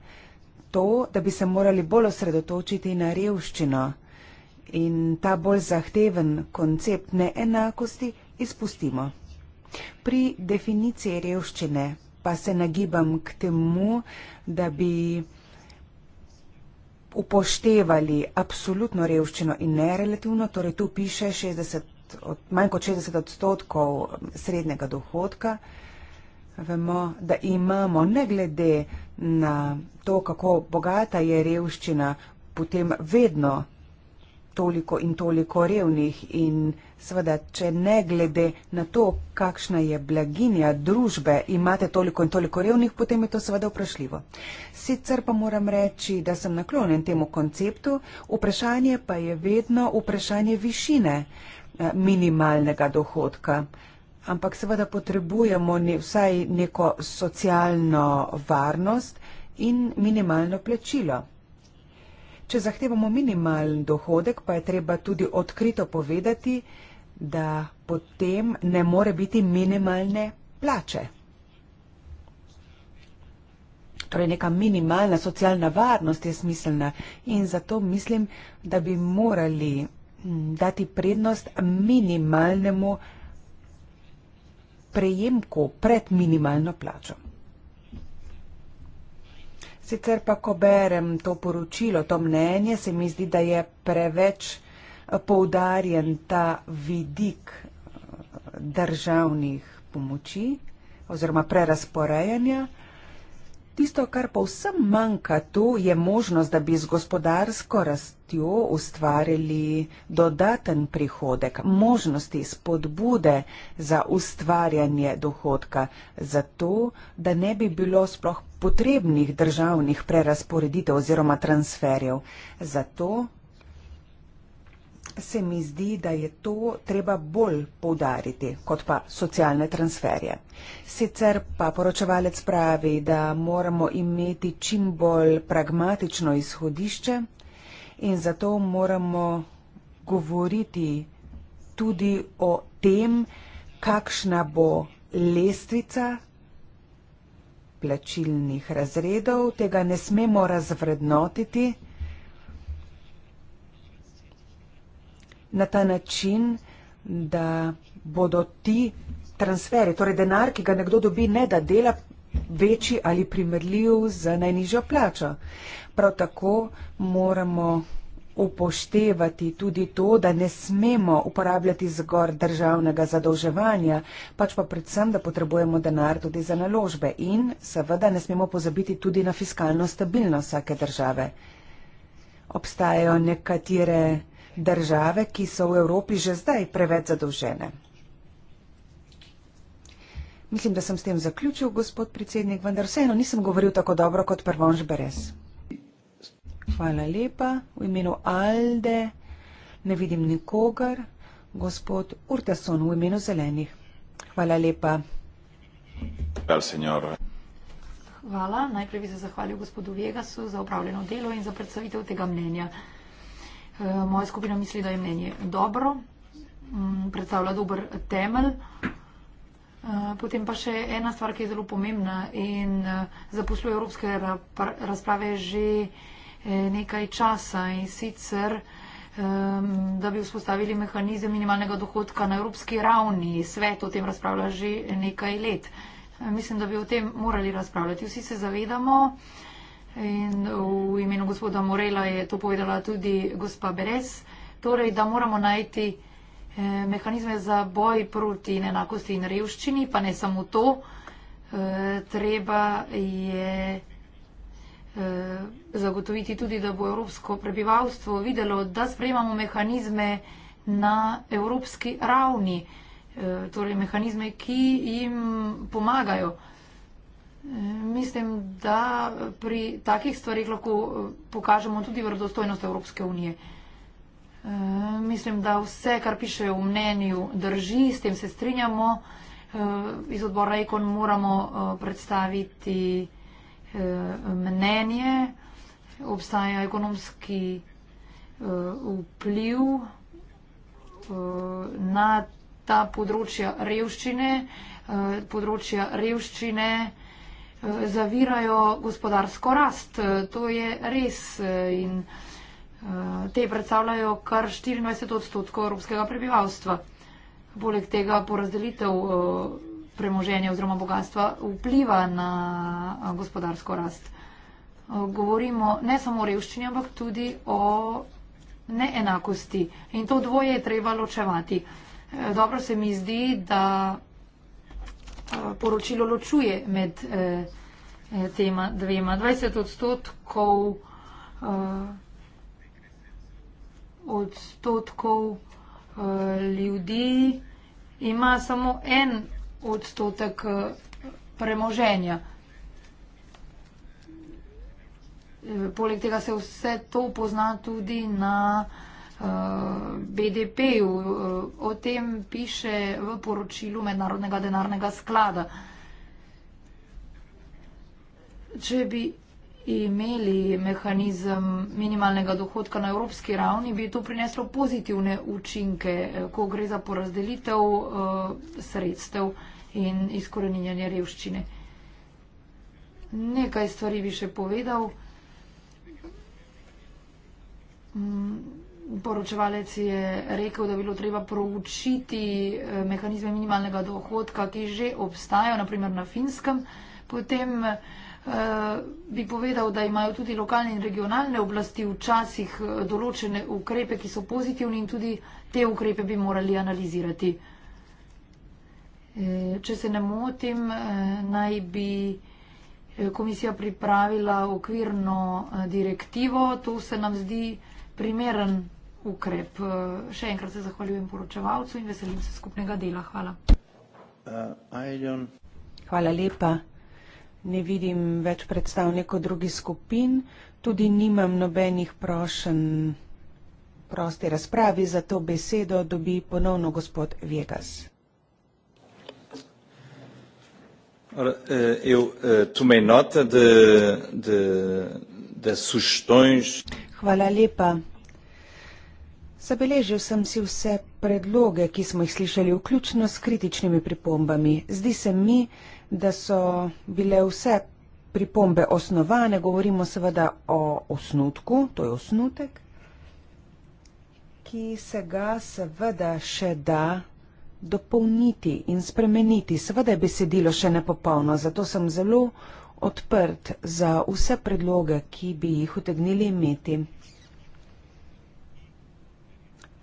to, da bi se morali bolj osredotočiti na revščino in ta bolj zahteven koncept neenakosti izpustimo. Pri definiciji revščine pa se nagibam k temu, da bi upoštevali absolutno revščino in nerelativno, torej tu piše 60, od, manj kot 60 odstotkov um, srednjega dohodka, vemo, da imamo, ne glede na to, kako bogata je revščina, potem vedno toliko in toliko revnih in revnih. Seveda, če ne glede na to, kakšna je blaginja družbe, imate toliko in toliko revnih, potem je to seveda vprašljivo. Sicer pa moram reči, da sem naklonjen temu konceptu, vprašanje pa je vedno vprašanje višine eh, minimalnega dohodka. Ampak seveda potrebujemo ne, vsaj neko socialno varnost in minimalno plačilo. Če zahtevamo minimalen dohodek, pa je treba tudi odkrito povedati, da potem ne more biti minimalne plače. Torej, neka minimalna socialna varnost je smiselna in zato mislim, da bi morali dati prednost minimalnemu prejemku pred minimalno plačo. Sicer pa, ko berem to poročilo, to mnenje, se mi zdi, da je preveč poudarjen ta vidik eh, državnih pomoči oziroma prerasporejanja. Tisto, kar pa vsem manjka tu, je možnost, da bi z gospodarsko rastjo ustvarili dodaten prihodek, možnosti spodbude za ustvarjanje dohodka, zato da ne bi bilo sploh potrebnih državnih prerasporeditev oziroma transferjev. Zato se mi zdi, da je to treba bolj povdariti kot pa socialne transferje. Sicer pa poročevalec pravi, da moramo imeti čim bolj pragmatično izhodišče in zato moramo govoriti tudi o tem, kakšna bo lestvica plačilnih razredov. Tega ne smemo razvrednotiti. na ta način, da bodo ti transferi, torej denar, ki ga nekdo dobi, ne da dela večji ali primerljiv z najnižjo plačo. Prav tako moramo upoštevati tudi to, da ne smemo uporabljati zgor državnega zadolževanja, pač pa predvsem, da potrebujemo denar tudi za naložbe in seveda ne smemo pozabiti tudi na fiskalno stabilnost vsake države. Obstajajo nekatere države, ki so v Evropi že zdaj preveč zadolžene. Mislim, da sem s tem zaključil, gospod predsednik, vendar vseeno nisem govoril tako dobro kot prvonž brez. Hvala lepa. V imenu Alde ne vidim nikogar. Gospod Urtason v imenu zelenih. Hvala lepa. Hvala. Najprej bi se zahvalil gospodu Vegasu za upravljeno delo in za predstavitev tega mnenja. Eh, moja skupina misli, da je mnenje dobro, mm, predstavlja dober temelj. Eh, potem pa še ena stvar, ki je zelo pomembna in eh, zaposluje evropske razprave že nekaj časa in sicer, ehm, da bi vzpostavili mehanizem minimalnega dohodka na evropski ravni. Svet o tem razpravlja že nekaj let. Mislim, da bi o tem morali razpravljati. Vsi se zavedamo, In v imenu gospoda Morela je to povedala tudi gospa Beres, torej, da moramo najti eh, mehanizme za boj proti nenakosti in revščini, pa ne samo to, eh, treba je eh, zagotoviti tudi, da bo evropsko prebivalstvo videlo, da sprejemamo mehanizme na evropski ravni, torej mehanizme, ki jim pomagajo. Mislim, da pri takih stvarih lahko eh, pokažemo tudi vrdostojnost Evropske unije. Eh, mislim, da vse, kar pišejo v mnenju, drži, s tem se strinjamo. Eh, iz odbora Ekon moramo predstaviti mnenje, obstaja ekonomski vpliv na ta področja revščine, področja revščine, zavirajo gospodarsko rast. To je res eh, in eh, te predstavljajo kar 24 odstotkov evropskega prebivalstva. Poleg tega porazdelitev eh, premoženja oziroma bogatstva vpliva na gospodarsko rast. Govorimo ne samo o revščini, ampak tudi o neenakosti. In to dvoje je treba ločevati. Dobro se mi zdi, da poročilo ločuje med eh, tema dvema. 20 odstotkov, eh, odstotkov eh, ljudi ima samo en odstotek eh, premoženja. E, poleg tega se vse to pozna tudi na eh, Eh, BDP-ju. Eh, o tem piše v poročilu Mednarodnega denarnega sklada. Če bi imeli mehanizem minimalnega dohodka na evropski ravni, bi to prineslo pozitivne učinke, eh, ko gre za porazdelitev sredstev in izkoreninjanje revščine. Nekaj stvari bi še povedal. Mm, poročevalec je rekel, da bi bilo treba proučiti eh, mehanizme minimalnega dohodka, ki že obstajajo, naprimer na finskem. Potem eh, bi povedal, da imajo tudi lokalne in regionalne oblasti včasih eh, določene ukrepe, ki so pozitivni in tudi te ukrepe bi morali analizirati. Če se ne motim, naj bi komisija pripravila okvirno direktivo. To se nam zdi primeren ukrep. Eh, še enkrat se zahvaljujem poročevalcu in veselim se skupnega dela. Hvala. Eh, Hvala lepa. Ne vidim več predstavnikov drugih skupin. Tudi nimam nobenih prošen prosti razpravi, zato besedo dobi ponovno gospod Vegas. Eh, Hvala lepa. Zabeležil sem si vse predloge, ki smo jih slišali, vključno s kritičnimi pripombami. Zdi se mi, da so bile vse pripombe osnovane, govorimo seveda o osnutku, to je osnutek, ki se ga seveda še da dopolniti in spremeniti. Seveda je besedilo še nepopolno, zato sem zelo odprt za vse predloge, ki bi jih utegnili imeti.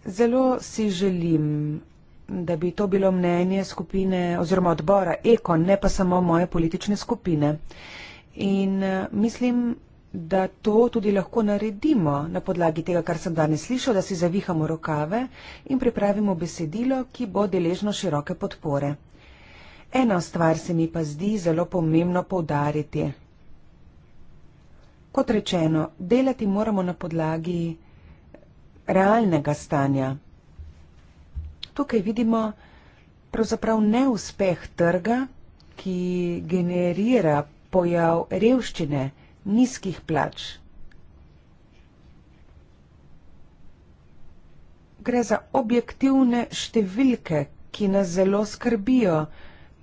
Zelo si želim, da bi to bilo mnenje skupine oziroma odbora Eko, ne pa samo moje politične skupine. In eh, mislim, da to tudi lahko naredimo na podlagi tega, kar sem danes slišal, da si zavihamo rokave in pripravimo besedilo, ki bo deležno široke podpore. Ena stvar se mi pa zdi zelo pomembno poudariti. Kot rečeno, delati moramo na podlagi realnega stanja. Tukaj vidimo pravzaprav neuspeh trga, ki generira pojav revščine nizkih plač. Gre za objektivne številke, ki nas zelo skrbijo.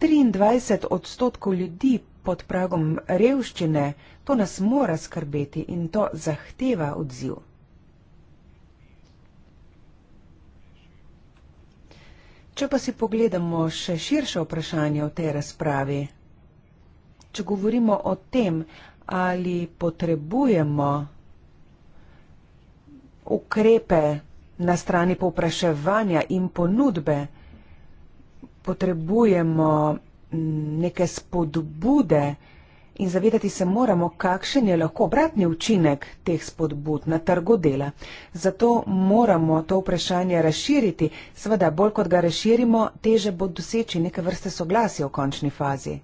23 odstotkov ljudi pod pragom revščine, to nas mora skrbeti in to zahteva odziv. Če pa si pogledamo še širše vprašanje v tej razpravi, če govorimo o tem, ali potrebujemo ukrepe na strani povpraševanja in ponudbe, potrebujemo mm, neke spodbude, In zavedati se moramo, kakšen je lahko obratni učinek teh spodbud na trgu dela. Zato moramo to vprašanje razširiti. Sveda, bolj kot ga razširimo, teže bo doseči neke vrste soglasje v končni fazi.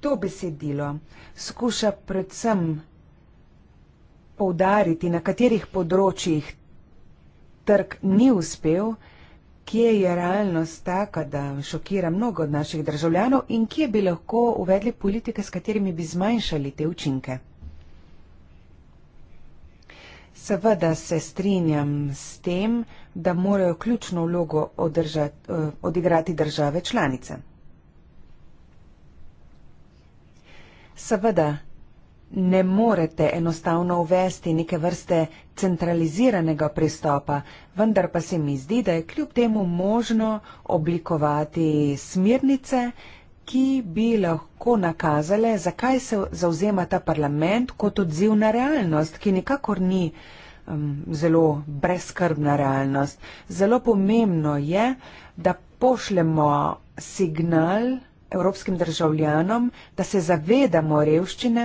To besedilo skuša predvsem poudariti, na katerih področjih trg ni uspel kje je realnost taka, da šokira mnogo od naših državljanov in kje bi lahko uvedli politike, s katerimi bi zmanjšali te učinke. Seveda se strinjam s tem, da morajo ključno vlogo održati, eh, odigrati države članice. Seveda ne morete enostavno uvesti neke vrste centraliziranega pristopa, vendar pa se mi zdi, da je kljub temu možno oblikovati smirnice, ki bi lahko nakazale, zakaj se zauzema ta parlament kot odziv na realnost, ki nikakor ni um, zelo brezkrbna realnost. Zelo pomembno je, da pošljemo signal evropskim državljanom, da se zavedamo revščine,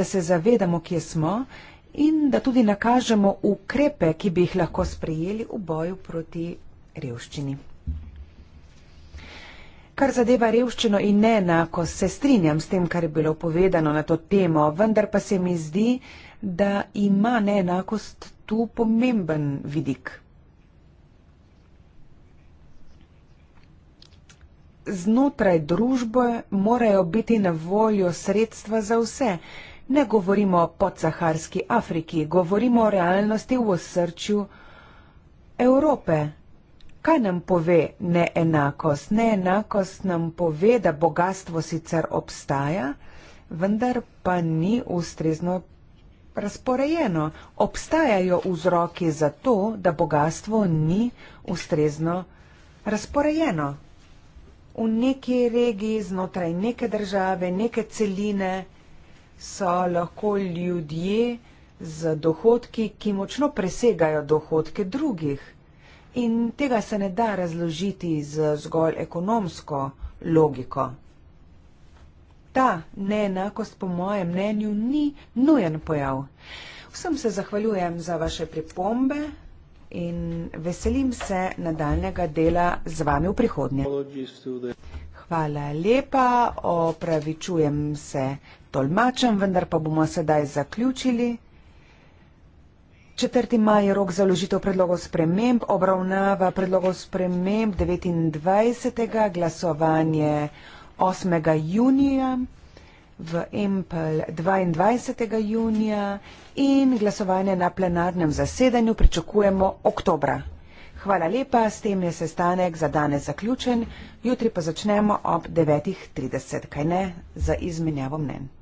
da se zavedamo, kje smo in da tudi nakažemo ukrepe, ki bi jih lahko sprejeli v boju proti revščini. Kar zadeva revščino in neenako, se strinjam s tem, kar je bilo povedano na to temo, vendar pa se mi zdi, da ima neenakost tu pomemben vidik. znotraj družbe morajo biti na voljo sredstva za vse. Ne govorimo o podsaharski Afriki, govorimo o realnosti v osrčju Evrope. Kaj nam pove neenakost? Neenakost nam pove, da bogatstvo sicer obstaja, vendar pa ni ustrezno razporejeno. Obstajajo vzroki za to, da bogatstvo ni ustrezno razporejeno v neki regiji, znotraj neke države, neke celine so lahko ljudje z dohodki, ki močno presegajo dohodke drugih. In tega se ne da razložiti z zgolj ekonomsko logiko. Ta neenakost, po mojem mnenju, ni nujen pojav. Vsem se zahvaljujem za vaše pripombe in veselim se nadaljnega dela z vami v prihodnje. Hvala lepa, opravičujem se tolmačem, vendar pa bomo sedaj zaključili. 4. maj je rok za ložitev predlogov sprememb, obravnava predlogov sprememb 29. glasovanje 8. junija v Empel 22. junija in glasovanje na plenarnem zasedanju pričakujemo oktobra. Hvala lepa, s tem je sestanek za danes zaključen, jutri pa začnemo ob 9.30, kaj ne, za izmenjavo mnen.